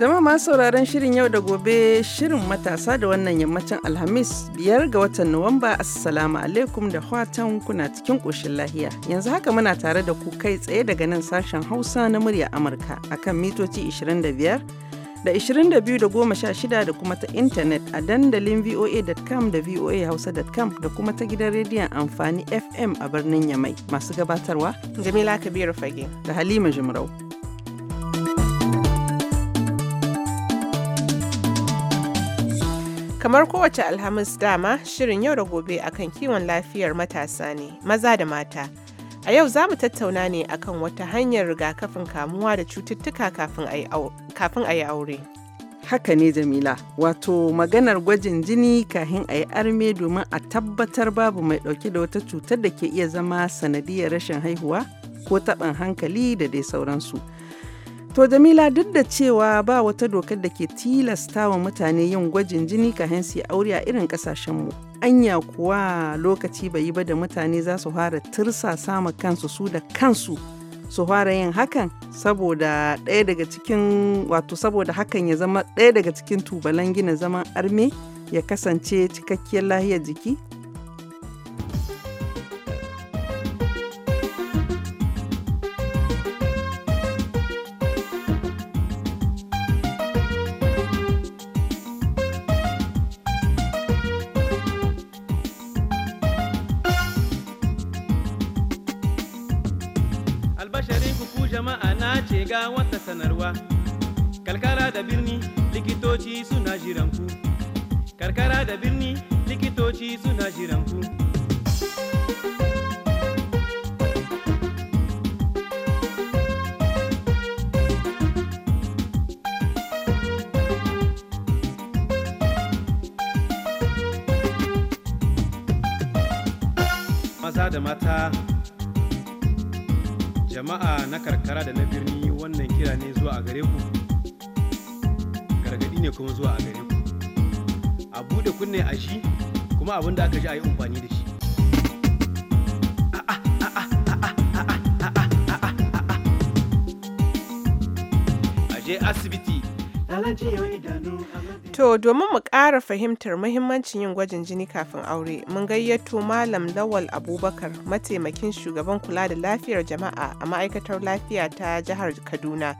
zama masu sauraron shirin yau da gobe shirin matasa da wannan yammacin Alhamis biyar ga watan Nuwamba Assalamu alaikum da watan kuna cikin ƙoshin lahiya. Yanzu haka muna tare da ku kai tsaye daga nan sashen Hausa na murya Amurka akan mitoci 25 da 22 da 16 da kuma ta intanet a dandalin voa.com da voahausa.com da kuma ta gidan rediyon amfani FM a birnin Yamai masu gabatarwa. Jamila Kabiru Fage. Da Halima jimrau Kamar kowace Alhamis dama shirin yau da gobe akan kiwon lafiyar matasa ne, maza da mata. A yau za mu tattauna ne akan wata hanyar rigakafin kamuwa da cututtuka kafin a yi aure. Haka ne Jamila, wato maganar gwajin jini kahin a yi arme domin a tabbatar babu mai ɗauke da wata cutar da ke iya zama sanadiyar rashin haihuwa ko taɓin hankali da dai sauransu. To Jamila duk da cewa ba wata dokar da ke tilasta wa mutane yin gwajin jini kahin su aure a irin mu Anya kuwa lokaci bai yi ba da mutane za su fara tirsa sama kansu su da kansu su fara yin hakan saboda ɗaya daga cikin wato saboda hakan ya zama ɗaya daga cikin tubalan gina zaman arme ya kasance cikakkiyar lahiyar jiki ce ga wata sanarwa karkara da birni likitoci suna jiranku karkara da birni likitoci suna jiranku maza da mata jama'a na karkara da na birni wannan kira ne zuwa a gare ku gargaɗi ne kuma zuwa a gare ku a bude kunne a shi kuma abin da aka ji a yi amfani da shi je asibiti. Alhaji yau idanu. To domin mu ƙara fahimtar muhimmancin yin gwajin jini kafin aure, mun gayyato Malam Lawal Abubakar, mataimakin shugaban kula da lafiyar jama'a a ma'aikatar lafiya ta jihar Kaduna,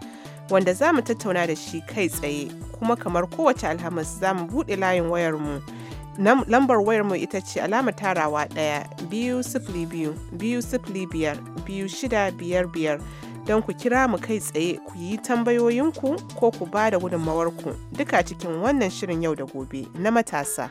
wanda za mu tattauna da shi kai tsaye, kuma kamar kowace alhamis za mu buɗe layin wayarmu. Lambar wayarmu ita ce alama tarawa ɗaya biyu sifili biyu biyu sifili biyar biyu shida biyar biyar. don ku kira mu kai tsaye ku yi tambayoyinku ko ku ba da gudunmawarku duka cikin wannan shirin yau da gobe na matasa.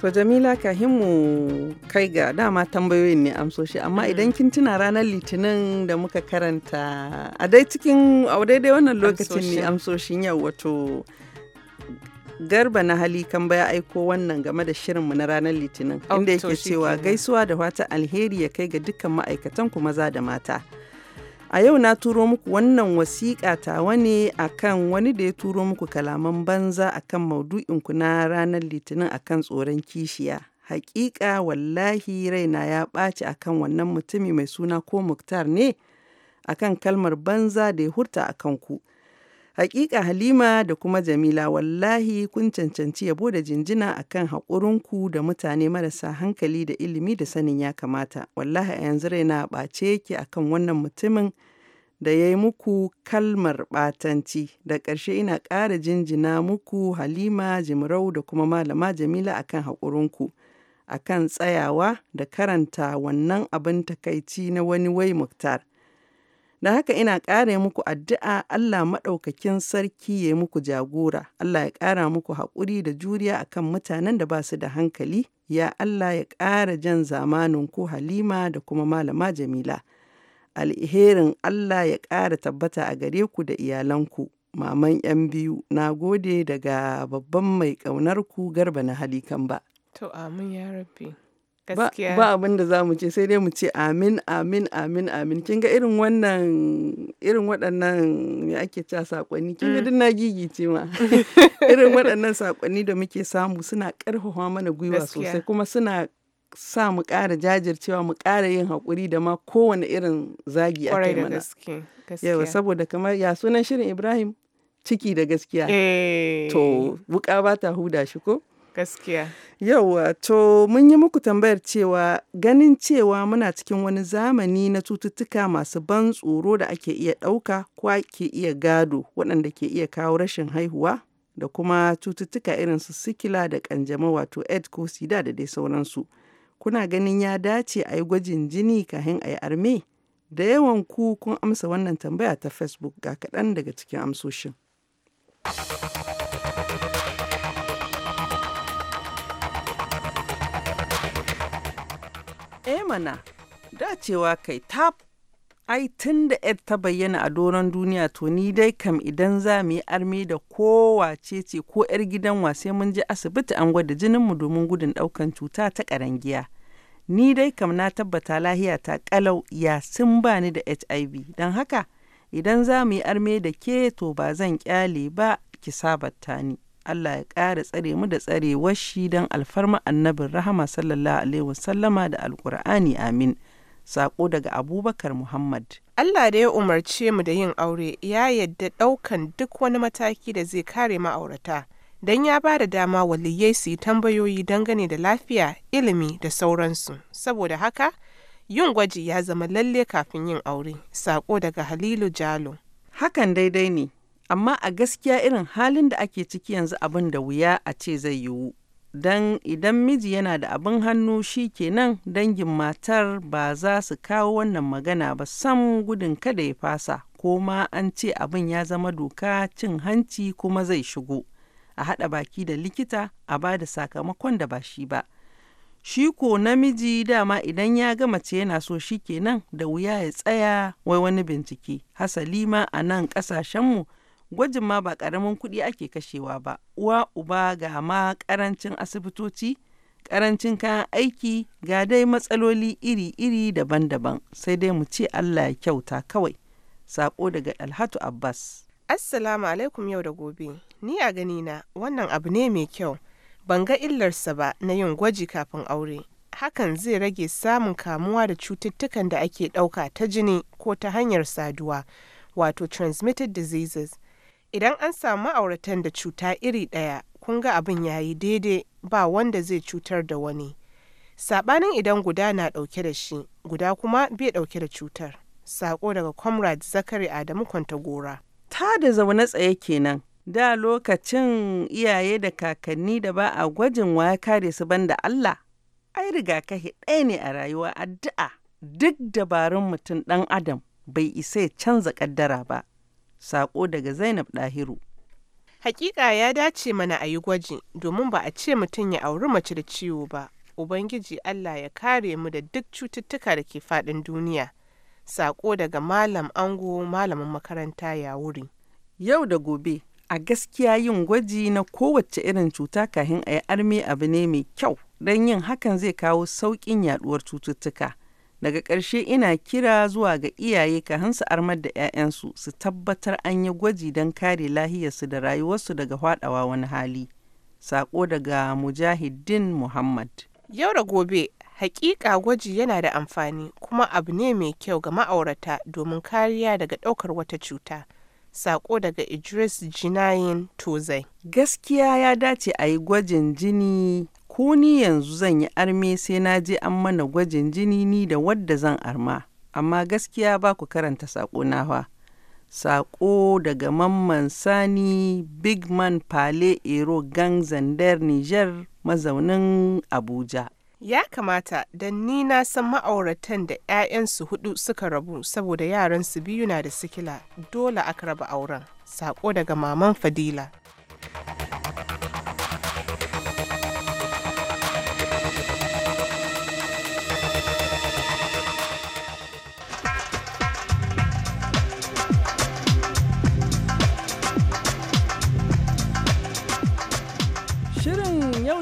To Jamila kahimu kai ga dama tambayoyin ne amsoshi amma idan kin tuna ranar litinin da muka karanta a dai cikin a daidai wannan lokacin ne amsoshin yau wato Garba na hali kan baya aiko wannan game da shirinmu na ranar Litinin, oh, inda yake cewa gaisuwa da wata alheri ya kai ga dukkan ma'aikatan ku maza da mata. A yau na turo muku wannan wasiƙa tawa ne akan wani da ya turo muku kalaman banza akan maudu'inku na ranar Litinin akan tsoron kishiya. Hakika wallahi raina ya ɓaci akan wannan mutumi mai suna ko muktar ne akan kalmar banza da ya hurta akan ku. Hakika Halima da kuma Jamila wallahi kun cancanci yabo da jinjina akan haƙurinku da mutane marasa hankali da ilimi da sanin ya kamata. Wallahi a yanzu raina ɓace yake akan wannan mutumin da ya yi muku kalmar ɓatanci. Da ƙarshe ina ƙara jinjina muku Halima Jimrau da kuma Malama Jamila akan haƙurinku. Akan tsayawa da karanta wannan abin takaici na wani wai Muktar. Da haka ina ƙara muku addu'a Allah maɗaukakin sarki ya muku jagora, Allah ya ƙara muku haƙuri da juriya akan mutanen da ba su da hankali, ya Allah ya ƙara jan zamanin ku Halima da kuma Malama Jamila. Alherin Allah ya ƙara tabbata a gare ku da iyalanku, maman 'yan biyu, na gode daga babban mai ƙaunar ku garba na halikan ba. To amin ya rabbi. gaskiya ba abin da za mu ce sai dai mu ce amin amin amin amin kin ga irin wannan irin waɗannan me ake cewa sakonni kin ga mm. na gigice ma irin waɗannan sakonni da muke samu suna ƙarfafa mana gwiwa sosai kuma suna sa mu ƙara jajircewa mu ƙara yin haƙuri da ma kowane irin zagi a kai mana yawa saboda kamar ya sunan shirin Ibrahim ciki da gaskiya eh. to wuƙa ba ta huda shi ko Gaskiya. Yauwa, to mun yi muku tambayar cewa ganin cewa muna cikin wani zamani na cututtuka masu ban tsoro da ake iya ɗauka ko ake iya gado waɗanda ke iya kawo rashin haihuwa da kuma cututtuka irin su sikila da ƙanjama wato ed ko sida da dai sauransu. Kuna ganin ya dace a yi gwajin jini kafin a yi arme? Da yawan ku kun amsa wannan tambaya ta Facebook ga kaɗan daga cikin amsoshin. Eh mana, dacewa kai ta ai tun da ed ta bayyana a doron duniya to ni dai kam idan za mu yi armi da kowace ce ko 'yar gidan sai mun je asibiti an gwada jininmu domin gudun ɗaukan cuta ta karangiya Ni dai kam na tabbata lahiya ta kalau ya sun ba ni da HIV don haka idan za mu yi arme da ke to ba zan kyale ba ki sabata ni. Allah ya ƙara tsare mu da tsarewar shi don alfarma annabin rahama sallallahu alaihi wasallama da alkur'ani amin. Saƙo daga Abubakar Muhammad. Allah da ya umarce mu da yin aure ya yadda ɗaukan duk wani mataki da zai kare ma'aurata. don ya ba da dama waliyai su yi tambayoyi dangane da lafiya ilimi da sauransu saboda haka yin gwaji ya zama lalle kafin yin aure saƙo daga halilu jalo hakan daidai ne amma a gaskiya irin halin da ake ciki yanzu abin da wuya a ce zai yiwu don idan miji yana da abin hannu shi kenan dangin matar ba za su kawo wannan magana ba sam gudun kada ya fasa ko ma an ce abin ya zama doka cin hanci kuma zai shigo a haɗa baki da likita a ba da sakamakon da ba shi ba shi ko namiji dama idan ya ga mace yana so shi kenan da wuya ya tsaya wai wani bincike hasali ma a nan ƙasashenmu gwajin ma ba ƙaramin kuɗi ake kashewa ba uwa uba ga ma ƙarancin asibitoci ƙarancin kayan aiki ga dai matsaloli iri-iri daban-daban sai dai mu ce Allah ya kyauta kawai sako daga Alhatu Abbas Assalamu alaikum yau da gobe ni a gani na, wannan abu ne mai kyau ban ga illarsa ba na yin gwaji kafin aure hakan zai rage samun kamuwa da cututtukan da ake ɗauka ta jini ko ta hanyar saduwa wato transmitted diseases idan an samu ma'auratan da cuta iri ɗaya kun ga abin ya yi daidai ba wanda zai cutar da wani saɓanin idan guda na ɗauke da shi guda kuma bai ɗauke da cutar Saƙo daga comrade zakari adamu kwantagora ta da zaune tsaye kenan da lokacin iyaye da kakanni da ba a gwajin waya kare su banda Allah ai rigakafi ɗaya ne a rayuwa addu'a duk dabarun mutum ɗan adam bai isa ya canza ƙaddara ba Sako daga Zainab Dahiru. Hakika ya dace mana a yi gwaji domin ba a ce mutum ya auri mace da ciwo ba. Ubangiji Allah ya kare mu da duk cututtuka da ke faɗin duniya. Sako daga Malam Ango Malamin makaranta ya wuri. Yau da gobe, a gaskiya yin gwaji na kowace irin cuta kahin a yi armi abu ne mai kyau, don yin hakan zai kawo sauƙin yaɗuwar cututtuka. Daga ƙarshe ina kira zuwa ga iyaye ka hansu armar da 'ya'yansu su tabbatar an yi gwaji don kare lahiyarsu da rayuwarsu daga hwadawa wani hali. Sako daga mujahidin Muhammad. Yau da gobe, hakika gwaji yana da amfani kuma abu ne mai kyau ga ma'aurata domin kariya daga ɗaukar wata cuta. Sako daga Idris Jinayin Tozai. Gaskiya ya dace a yi gwajin jini ko ni yanzu zan yi arme sai na je an mana gwajin jini ni da wadda zan arma amma gaskiya ba ku karanta saƙo na fa saƙo daga mamman sani big man pale ero gang zandar niger mazaunin abuja ya kamata dan ni na san ma'auratan da 'ya'yansu hudu suka rabu saboda yaran su biyu na da sikila dole aka raba auren sako daga maman fadila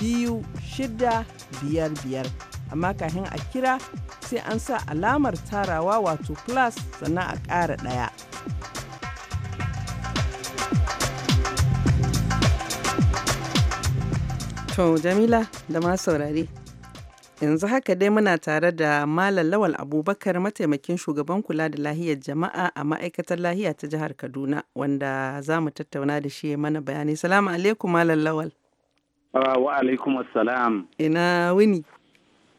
biyu shida biyar amma kafin a kira sai an sa alamar tarawa wato plus sannan a ƙara ɗaya. To Jamila da ma saurare. Yanzu haka dai muna tare da Malam Lawal Abubakar mataimakin shugaban kula da lahiyar jama'a a ma'aikatar lahiya ta jihar Kaduna wanda za mu tattauna da shi mana bayani. Salamu alaikum Malam Lawal. Ah, wa alaikum assalam. Ina wuni.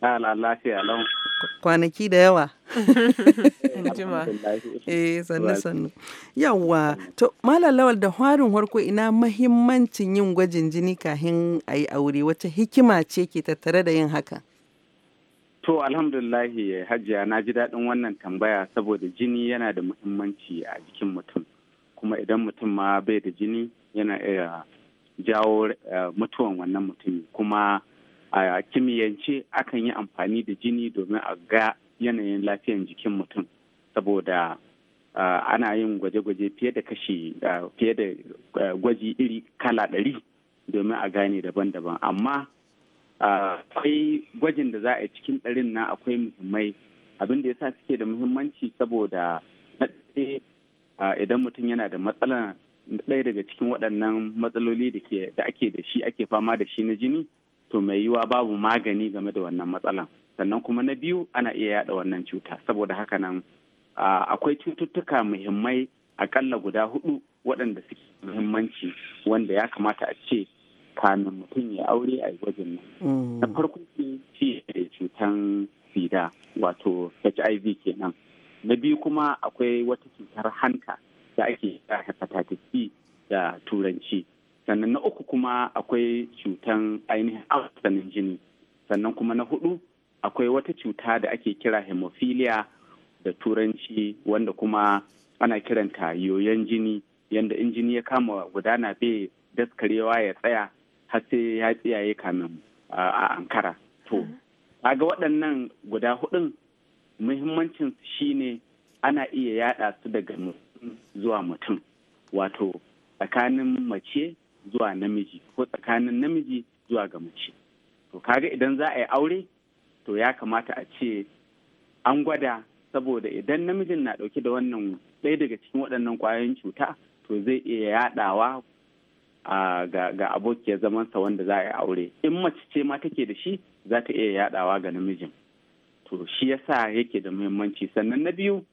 lafiya lau. Kwanaki da yawa. Eh, eh sannu sannu. Yawwa, to Malalawal, Lawal da harin warko, ina mahimmancin yin gwajin jini kahin a yi aure wata hikima ce ke tattare da yin haka? To alhamdulillahi hajiya na ji daɗin wannan tambaya saboda jini yana da muhimmanci a jikin mutum. Kuma idan mutum ma bai da jini yana iya jawo eh, mutuwan wannan mutum kuma a kimiyyance akan yi amfani da jini domin a ga yanayin lafiyan jikin mutum saboda eh, ana yin gwaje-gwaje fiye da kashi eh, fiye da gwaji iri kala ɗari domin a gane daban-daban amma akwai gwajin da za a yi cikin ɗarin na akwai muhimmai abin da ya sa suke da muhimmanci saboda idan mutum yana da matsalar ɗaya daga cikin waɗannan matsaloli da ake da shi ake fama da shi na jini to mai yiwa babu magani game da wannan matsalan sannan kuma na biyu ana iya yaɗa wannan cuta saboda haka nan akwai cututtuka muhimmai akalla guda hudu waɗanda suke muhimmanci wanda ya kamata a ce kamin mutum ya aure a gwajin nan mm. na farko shi cutan sida wato hiv kenan na biyu kuma akwai wata cutar hanta da ake hepatitis B da turanci. Sannan na uku kuma akwai cutan ainihin afsanin jini. Sannan kuma na hudu akwai wata cuta da ake kira hemophilia da turanci wanda kuma ana kiranta yoyon jini yanda in jini ya kama gudana bai daskarewa ya tsaya har sai ya tsiyaye kamin a ankara to mm-hmm. ga waɗannan guda hudun muhimmancin shine ana iya yada su daga zuwa mutum wato tsakanin mace zuwa namiji ko tsakanin namiji zuwa ga mace to kaga idan za a yi aure to ya kamata a ce an gwada saboda idan namijin na dauke da wannan ɗaya daga cikin waɗannan ƙwayoyin cuta to zai iya yaɗawa ga abokiyar zamansa wanda za a yi aure in mace ce ma take da shi za ta iya yaɗawa ga namijin to shi yasa yake da muhimmanci sannan na biyu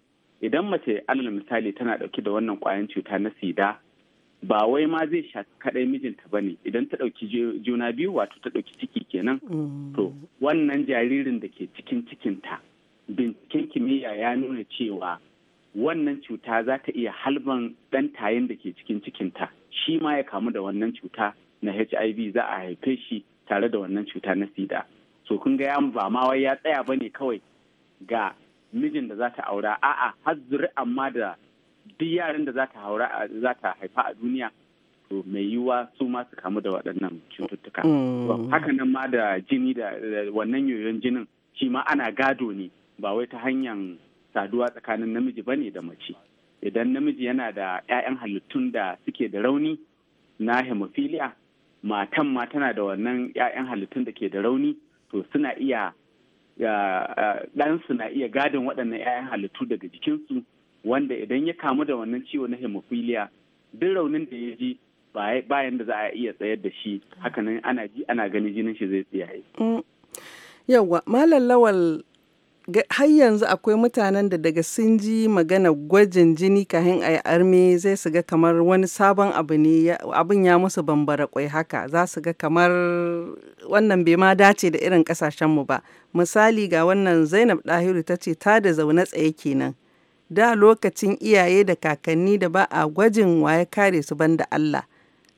idan mace alal misali tana dauke da wannan kwayan cuta na sida ba wai ma zai sha kaɗai mijinta ba ne idan ta ɗauki juna biyu wato ta ɗauki ciki kenan mm. to wannan jaririn da ke cikin cikinta binciken kimiyya ya nuna cewa wannan cuta za ta iya halban dan tayin da ke cikin cikinta shi ma ya kamu da wannan cuta na hiv za a haife shi tare da wannan cuta na sida so kun ga ya ba ma wai ya tsaya ba ne kawai ga mijin da za ta aura a'a har zuri amma da duk yaran da za ta haifa a duniya to mai yiwuwa su ma su kamu da waɗannan cututtuka mm. haka nan ma da jini da wannan yoyon jinin shi ma ana gado ne ba wai ta hanyar saduwa tsakanin namiji bane da mace idan namiji yana da 'ya'yan halittun da suke da rauni na hemophilia matan ma tana da wannan 'ya'yan halittun da ke da rauni to suna iya ɗansu na iya gadin waɗannan 'ya'yan halittu daga jikin su wanda idan ya kamu da wannan ciwo na hemophilia duk raunin da ya ji bayan da za a iya tsayar da shi hakanan ana ji ana gani jinin shi zai tsiyaye. Mm. Yawwa, Malam Lawal har yanzu akwai mutanen da daga sun ji magana gwajin jini kahin a yi zai su ga kamar wani sabon abu ne abin ya musu bambara kwai haka za su ga kamar wannan bai ma dace da irin kasashenmu ba misali ga wannan zainab dahiru ta ce ta da zaune tsaye kenan da lokacin iyaye da kakanni da ba a gwajin waye kare su banda allah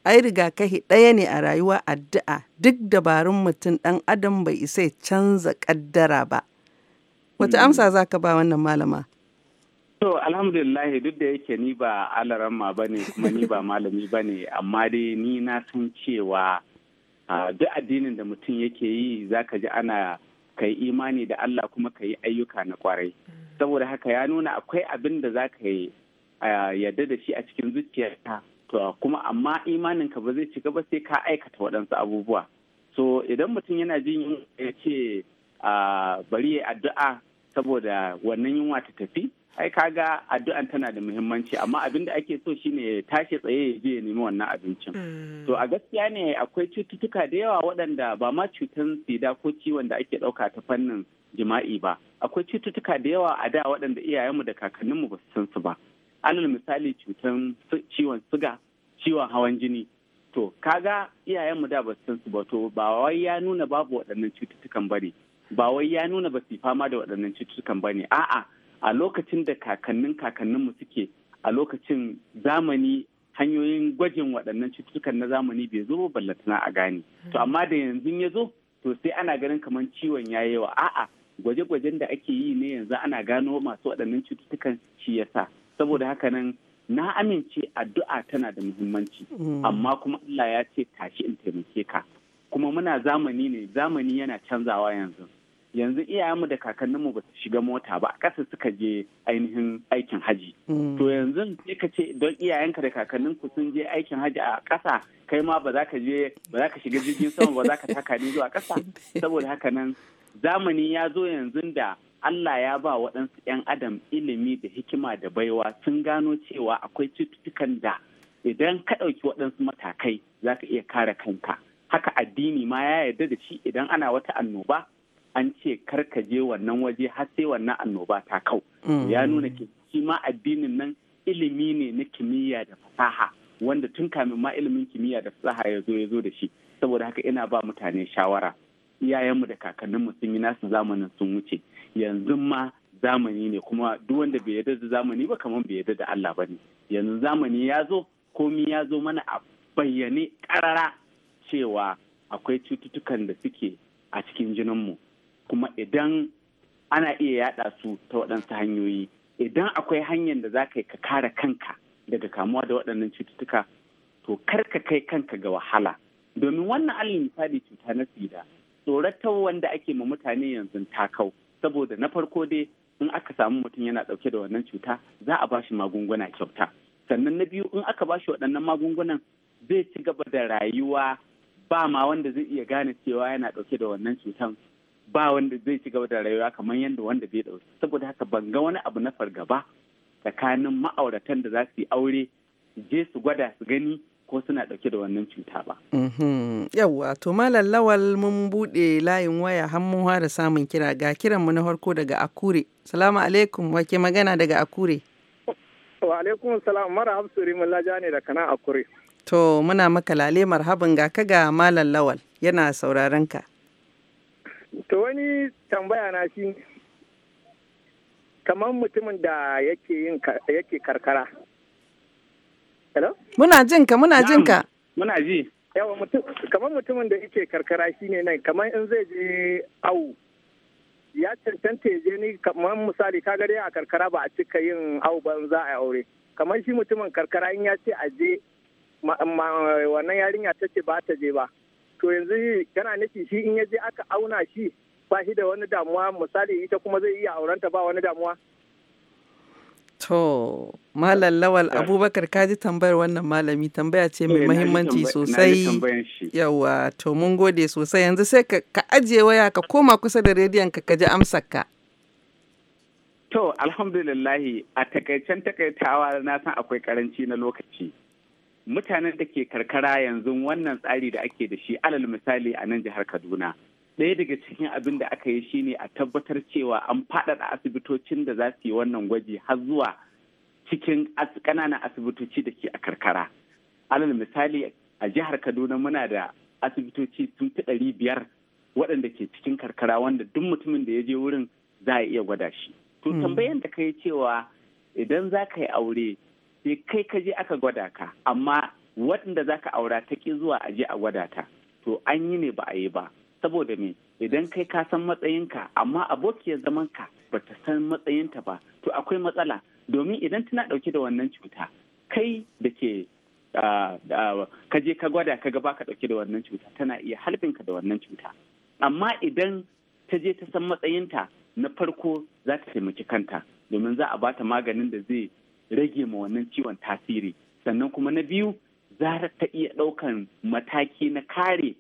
ai rigakahi ɗaya ne a rayuwa addu'a duk dabarun mutum ɗan adam bai isa canza ƙaddara ba Wata hmm. amsa za ka ba wannan malama? To, alhamdulillah duk da yake ni ba alaramma ba ne kuma ni ba malami ba ne, amma dai ni na san cewa duk addinin da mutum yake yi zaka ka ji ana ka yi imani da Allah kuma ka yi ayyuka na kwarai. Hmm. Saboda haka ya nuna akwai abin da za ka yi yadda da shi a cikin zuciyarka. To, kuma amma ka ba zai cika ba sai ka aikata waɗansu abubuwa. So, idan mutum yana jin ya ce bari ya addu'a saboda wannan yunwa ta tafi ai kaga addu'an tana da muhimmanci amma abin da ake so shine ya tashi tsaye ya je ya nemi wannan abincin mm. to a gaskiya ne akwai cututtuka da yawa waɗanda ba ma cutan sida ko ciwon da ake ɗauka ta fannin jima'i ba akwai cututtuka da yawa a da waɗanda iyayenmu da kakanninmu ba su san su ba alal misali cutan ciwon suga ciwon hawan jini to kaga iyayenmu da ba su san su ba to ba wai ya nuna babu waɗannan cututtukan bari. ba wai ya nuna ba su fama da waɗannan cututtukan ba ne a'a a lokacin da kakannin kakanninmu suke a lokacin zamani hanyoyin gwajin waɗannan cututtukan na zamani bai zo ballatana a gane to amma da yanzu ya zo to sai ana ganin kamar ciwon ya yawa a'a gwaje-gwajen da ake yi ne yanzu ana gano masu waɗannan cututtukan shi yasa saboda haka nan na amince addu'a tana da muhimmanci mm. amma kuma Allah ya ce tashi in taimake ka kuma muna zamani ne zamani yana canzawa yanzu yanzu iyayenmu da kakanninmu ba su shiga mota ba a ƙasa suka je ainihin aikin haji. Mm. To yanzu sai ka ce don iyayenka da kakanninku sun je aikin haji a ƙasa kai ma ba za ka je ba za ka shiga jirgin sama ba za ka taka ni zuwa ƙasa saboda haka nan zamani ya zo yanzu da Allah ya ba waɗansu 'yan adam ilimi da hikima da baiwa sun gano cewa akwai cututtukan da idan ka ɗauki waɗansu matakai za ka iya kare kanka. Haka addini ma ya yarda da shi idan ana wata annoba an ce karka je wannan waje har sai wannan annoba ta kau mm. ya nuna ke shi ma addinin nan ilimi ne na kimiyya da fasaha wanda tun kamin ma ilimin kimiyya da fasaha ya zo ya zo da shi saboda haka ina ba mutane shawara iyayenmu da kakanninmu sun yi nasu zamanin sun wuce yanzu ma zamani ne kuma duk wanda bai yarda da zamani ba kamar bai yarda da Allah ba ne yanzu zamani ya zo komi ya zo mana a bayyane karara cewa akwai cututtukan da suke a cikin jininmu kuma idan ana iya yada su ta waɗansu hanyoyi idan akwai hanyar da za ka yi ka kare kanka daga kamuwa da waɗannan cututtuka to kar ka kai kanka ga wahala domin wannan allin misali cuta na sida tsoratar wanda ake ma mutane yanzu ta kau saboda na farko dai in aka samu mutum yana ɗauke da wannan cuta za a bashi magunguna kyauta sannan na biyu in aka bashi waɗannan magungunan zai ci gaba da rayuwa ba ma wanda zai iya gane cewa yana ɗauke da wannan cutan ba wanda zai ci gaba da rayuwa kamar yadda wanda bai ɗauki saboda haka ban ga wani abu na fargaba tsakanin ma'auratan da za su yi aure je su gwada su gani ko suna ɗauke da wannan cuta ba. Mhm. Yawwa, to Malam Lawal mun buɗe layin waya hannun da samun kira ga kiranmu na farko daga Akure. Salamu alaikum, wake magana daga Akure. Wa alaikum salam, mara hafsu laja ne da kana Akure. To muna maka lale marhabin ga ka ga Malam Lawal yana sauraron ka. to wani tambaya na shi kamar mutumin da yake yin yake karkara hello muna jin ka muna jin ka muna ji yawa mutum kamar mutumin da yake karkara shine nan kamar in zai je awu ya cancanta ya je ni kamar misali kaga dai a karkara ba a cika yin awu ba za a aure kamar shi mutumin karkara in ya ce a je wannan yarinya ta ce ba ta je ba to yanzu kana nufi shi in yaje aka auna shi ba shi da wani damuwa misali ita kuma zai iya aurenta ba wani damuwa To, Malam Lawal Abubakar ka ji tambayar wannan malami tambaya ce mai eh, mahimmanci sosai. Yawa, to mun gode sosai yanzu sai ka ajiye waya ka koma kusa da rediyon ka kaji amsar ka. To, alhamdulillahi a takaicen takaitawa na san akwai karanci na lokaci. mutanen da ke karkara yanzu wannan tsari da ake da shi alal misali a nan jihar kaduna ɗaya daga cikin abin da aka yi shine a tabbatar cewa an faɗaɗa asibitocin da za su yi wannan gwaji har zuwa cikin ƙananan asibitoci da ke a karkara alal misali a jihar kaduna muna da asibitoci sun fi ɗari biyar waɗanda ke cikin karkara wanda duk mutumin da ya je wurin za a iya gwada shi to hmm. tambayan da ka yi cewa idan za ka yi aure sai kai ka je aka gwada ka amma waɗanda za ka aura ta ƙi zuwa a je a gwada ta to an yi ne ba a yi ba saboda me idan kai ka san matsayinka amma abokiyar zamanka ba ta san matsayinta ba to akwai matsala domin idan tana ɗauke da wannan cuta kai da ke ka je ka gwada ka gaba ka ɗauke da wannan cuta tana iya halbinka da wannan cuta amma idan ta je ta san matsayinta na farko za ta taimaki kanta domin za a bata maganin da zai rage ma wannan ciwon tasiri sannan kuma na biyu za ta iya ɗaukan mataki na kare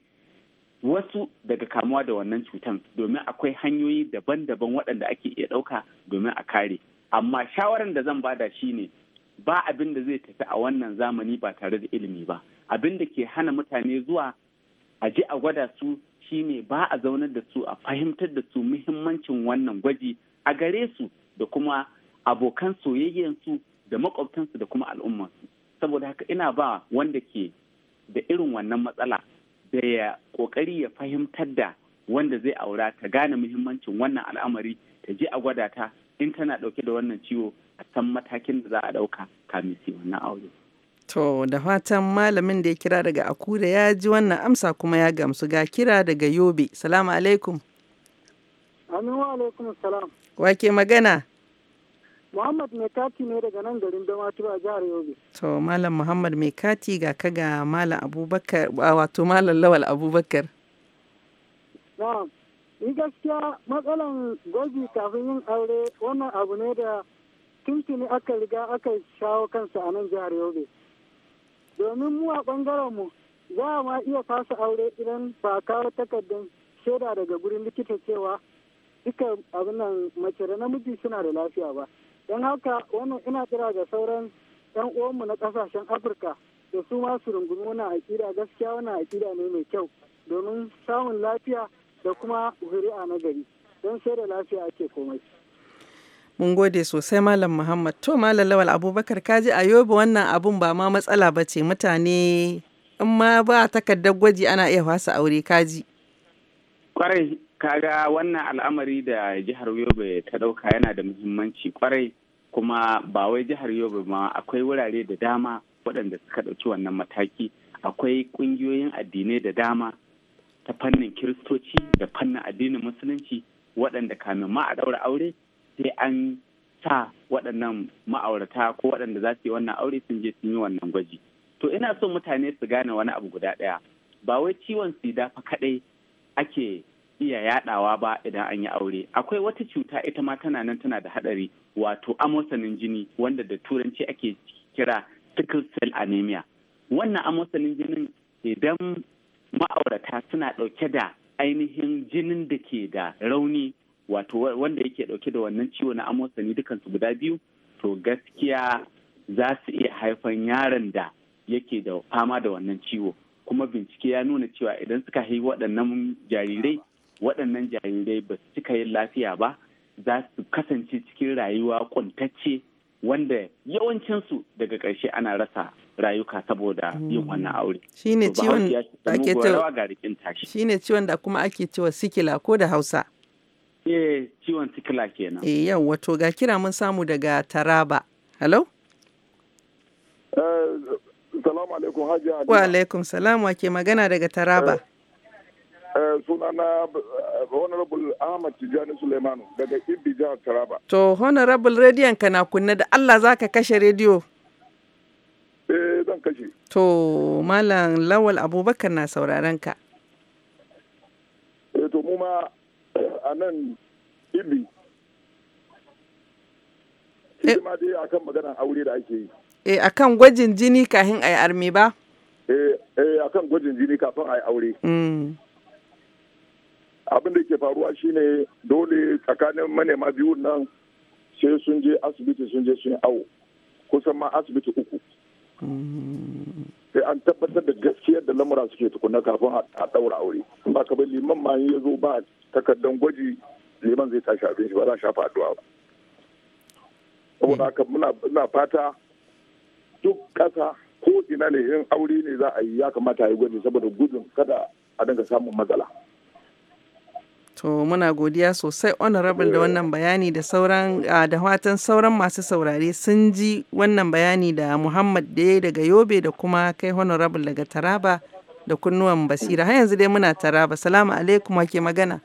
wasu daga kamuwa da wannan cutan domin akwai hanyoyi daban-daban waɗanda ake iya ɗauka domin a kare amma shawaran da zan bada shine ba abin da zai tafi a wannan zamani ba tare da ilimi ba abin da ke hana mutane zuwa a je a gwada su shine ba a zaunar da su a fahimtar da su muhimmancin wannan gwaji a gare su da kuma abokan soyayyansu da makwabtansu da kuma al'ummarsu saboda haka ina ba wanda ke da irin wannan matsala da ya kokari ya fahimtar da wanda zai aura ta gane muhimmancin wannan al'amari ta je a gwada ta in tana dauke da wannan ciwo a san matakin da za a dauka kamin su wannan aure To da fatan malamin da ya kira daga Akure ya ji wannan amsa kuma ya gamsu ga kira daga Yobe. Salamu alaikum. wa alaikum Wake magana? Muhammad kati ne daga nan garin Damatu a jihar Yobe. To Malam Muhammad Mekati ga ka ga Malam Abubakar wato Malam Lawal Abubakar. Na'am. Ni gaskiya matsalan gwaji kafin yin aure wannan abu ne da tuntuni aka riga aka shawo kansa a nan jihar Yobe. Domin mu a bangaren mu za a ma iya fasa aure idan ba kawo takardun shaida daga gurin likita cewa duka abin nan mace da namiji suna da lafiya ba. don haka wannan ina kira ga sauran yan uwanmu na kasashen afirka da su ma su rungumi wani aƙida gaskiya wani aƙida ne mai kyau domin samun lafiya da kuma zuri'a na gari don sai da lafiya ake komai mun gode sosai malam muhammad to malam lawal abubakar kaji a yobe wannan abun ba ma matsala ba ce mutane in ma ba takardar gwaji ana iya fasa aure kaji kwarai kaga wannan al'amari da jihar yobe ta dauka yana da muhimmanci kwarai kuma ba wai jihar yobe ma akwai wurare da dama waɗanda suka ɗauki wannan mataki akwai ƙungiyoyin addinai da dama ta fannin kiristoci da fannin addinin musulunci waɗanda kamin ma a ɗaura aure sai an sa waɗannan ma'aurata ko waɗanda za su yi wannan aure sun je sun yi wannan gwaji to ina so mutane su gane wani abu guda ɗaya ba wai ciwon sida fa kaɗai ake iya yadawa ba idan an yi aure akwai wata cuta ita ma tana nan tana da hadari wato amosanin jini wanda da turanci ake kira sickle cell anemia wannan amosanin jinin idan ma'aurata suna dauke da ainihin jinin da ke da rauni wato wanda yake dauke da wannan ciwo na amosani dukansu guda biyu to gaskiya za su iya haifan yaron da yake da fama da wannan ciwo kuma bincike ya nuna cewa idan suka haifi waɗannan jarirai waɗannan jarirai ba su cika yin lafiya ba za su kasance cikin rayuwa kwantacce wanda yawancinsu daga ƙarshe ana rasa rayuka saboda mm. yin wannan aure. shi ne ciwon da kuma ake cewa sikila ko da Hausa. Eh ciwon sikila kenan. Eh yau wato ga kira mun samu daga Taraba. Hello? Eh, salamu alaikum Hajiya. Wa alaikum salamu ake ke magana daga Taraba. Eh, Eh, sunana eh, honorable ahmad tijani suleimanu daga ibi jihar taraba to honorable radion ka na kunna da allah za ka kashe rediyo eh zan kashe to malam lawal abubakar na sauraron ka eh to mu ma eh, a nan ibi shi ma dai kan maganar aure da ake yi eh kan gwajin jini kahin a yi armi ba eh kan gwajin jini kafin a yi aure mm. abin da ke faruwa shine dole tsakanin manema biyu nan sai sun je asibiti sun je sun awo kusan ma asibiti uku sai an tabbatar da gaskiyar da lamura suke tukuna kafin a daura aure ba ka bai liman ma ya zo ba takardan gwaji liman zai tashi abin shi ba za a shafa addu'a ba saboda haka muna fata duk kasa ko ina ne in aure ne za a yi ya kamata a yi gwaji saboda gudun kada a dinga samun matsala To muna godiya sosai honorable da wannan bayani da sauran da watan sauran masu saurare sun ji wannan bayani da Muhammad da daga Yobe da kuma kai honorable daga Taraba da kunnuwan basira har yanzu dai muna Taraba salamu alaikum wake magana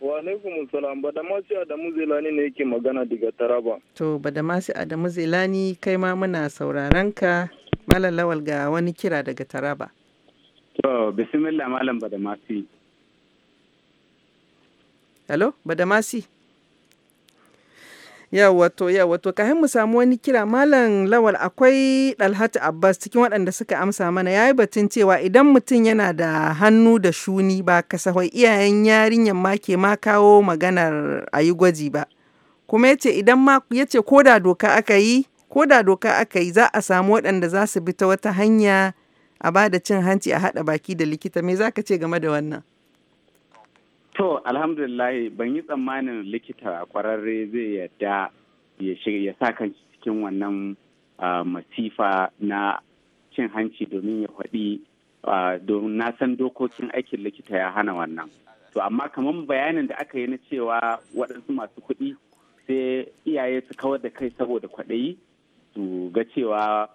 wa alaikum salam badamasi adamu zelani ne yake magana daga taraba to badamasi adamu zelani kai ma muna sauraron ka malalawal ga wani kira daga taraba to bismillah malam badamasi Hello, Badamasi. Yawa to, yawa to, kahin mu samu wani kira Malam Lawal akwai Dalhatu Abbas cikin waɗanda suka amsa mana ya yi batun cewa idan mutum yana da hannu da shuni ba kasahwai iyayen yarinyar ma ke ma kawo maganar a yi gwaji ba. Kuma ya ce idan ma ya ce ko da doka aka yi, ko da doka aka yi za a samu waɗanda za su bi ta wata hanya a ba da cin hanci a haɗa baki da likita. Me za ka ce game da wannan? To, alhamdulillah ban yi tsammanin likita kwararre zai yadda ya sa kan cikin wannan masifa na cin hanci domin ya faɗi don na san dokokin aikin likita ya hana wannan. To, amma kamar bayanin da aka yi na cewa waɗansu masu kuɗi sai iyaye su kawar da kai saboda kwaɗayi su ga cewa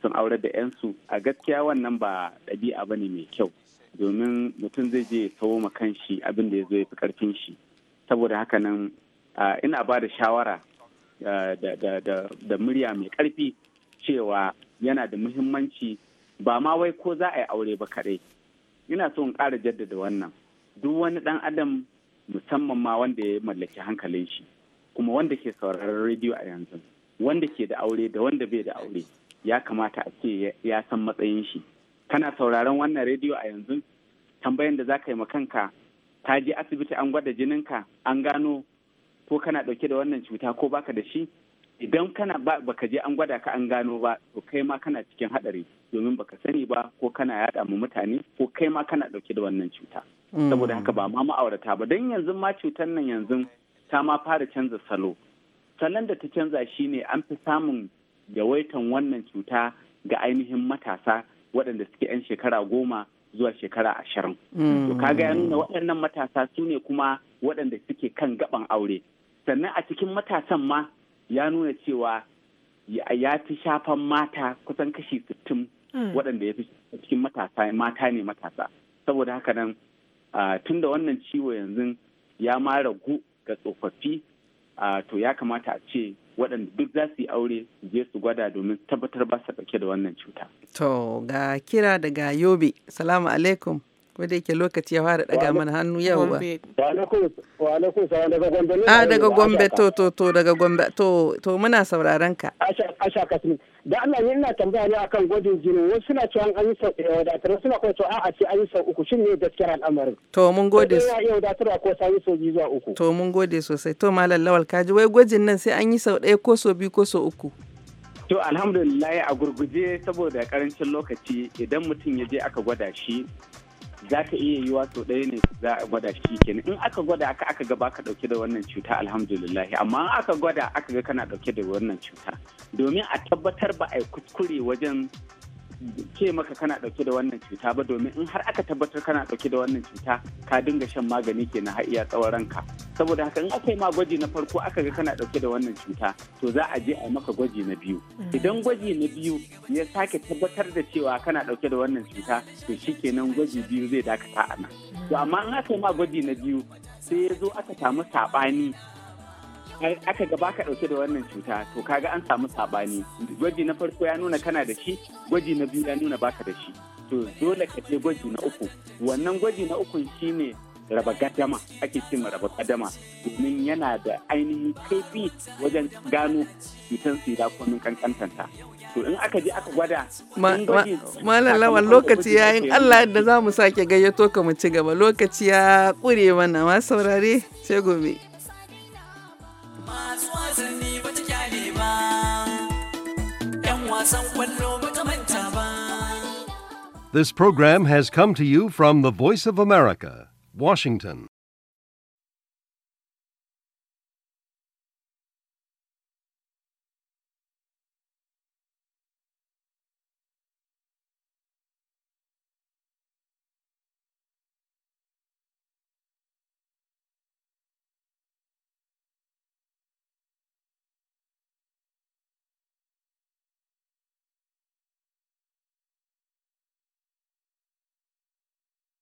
sun aure da 'yansu a gaskiya wannan ba ɗabi'a ba ne mai kyau. domin mutum zai je ya sawo ma kanshi abin da ya zo ya fi karfin shi saboda haka nan ina ba da shawara da murya mai karfi cewa yana da muhimmanci ba ma wai ko za a yi aure ba kaɗai ina so in ƙara jaddada wannan duk wani ɗan adam musamman ma wanda ya mallaki hankalin shi kuma wanda ke sauraron rediyo a yanzu wanda ke da aure da wanda bai da aure ya kamata a ce ya san matsayin shi kana sauraron wannan rediyo a yanzu tambayan da za ka yi ma kanka ka je asibiti an gwada jininka an gano ko kana ɗauke da wannan cuta ko baka da shi idan kana ba ka je an gwada ka an gano ba to kai ma kana cikin haɗari domin baka sani ba ko kana yaɗa mu mutane ko kai ma kana ɗauke da wannan cuta mm. saboda haka ba ma ma'aurata ba don yanzu ma cutar nan yanzu ta ma fara canza salo salon da ta canza shine an fi samun yawaitan wannan cuta ga ainihin matasa waɗanda suke 'yan shekara goma zuwa shekara ashirin. Mm. To kaga ya nuna waɗannan matasa su ne kuma waɗanda suke kan gaban aure. Sannan a cikin matasan ma ya nuna cewa ya fi shafan mata kusan kashi sittin mm. waɗanda ya fi cikin matasa mata ne matasa. Saboda haka nan tun da wannan ciwo yanzu ya ma ragu ga tsofaffi to ya kamata a ce waɗanda duk za su yi aure su je su gwada domin tabbatar ba su ɗauke da wannan cuta. To ga kira daga Yobe, salamu alaikum. Ko da yake lokaci ya fara daga mana hannu yau ba. Wa daga Gombe. A ah, daga Gombe to to to daga Gombe to to muna sauraron ka. Asha Asha Kasmi. da Allah ne ina tambaya ne akan gwajin jini wasu suna cewa an yi sau ɗaya eh, wadatar suna kuma cewa a'a ce an yi sau uku shin ne gaskiyar al'amarin to mun gode ko ya wadatar ko yi sau biyu zuwa uku to mun gode sosai to malam lawal kaji wai gwajin nan sai an yi sau ɗaya ko sau biyu ko sau uku to alhamdulillah a gurguje saboda karancin lokaci idan mutum ya je aka gwada shi za ta iya yiwa sau ɗaya ne za a gwada shi kenan in aka gwada aka aka ga baka ɗauke da wannan cuta alhamdulillah amma in aka gwada aka ga kana ɗauke da wannan cuta domin a tabbatar ba a yi kuskure wajen ce maka kana dauke da wannan cuta ba domin in har aka tabbatar kana dauke da wannan cuta ka dinga shan magani ke na iya tsawon ranka saboda haka in aka yi ma gwaji na farko aka ga kana dauke da wannan cuta to za a je a maka gwaji na biyu mm. idan gwaji na biyu ya sake tabbatar da cewa kana dauke da wannan cuta to shikenan gwaji biyu zai dakata a nan to mm. amma in aka yi ma gwaji na biyu sai ya zo aka samu sabani. aka gaba ka dauke da wannan cuta to kaga an samu sabani gwaji na farko ya nuna kana da shi gwaji na biyu ya nuna baka da shi to dole ka je gwaji na uku wannan gwaji na uku shine raba gadama ake ce raba gadama domin yana da ainihin kaifi wajen gano cutar sida komin kankantanta to in aka je aka gwada malam lawan lokaci ya yin allah da za mu sake gayyato ka mu ci gaba lokaci ya kure mana ma saurare sai gobe Masu wasanni ba ta kyale wasan kwallo ba ta manta ba. This program has come to you from the Voice of America, Washington.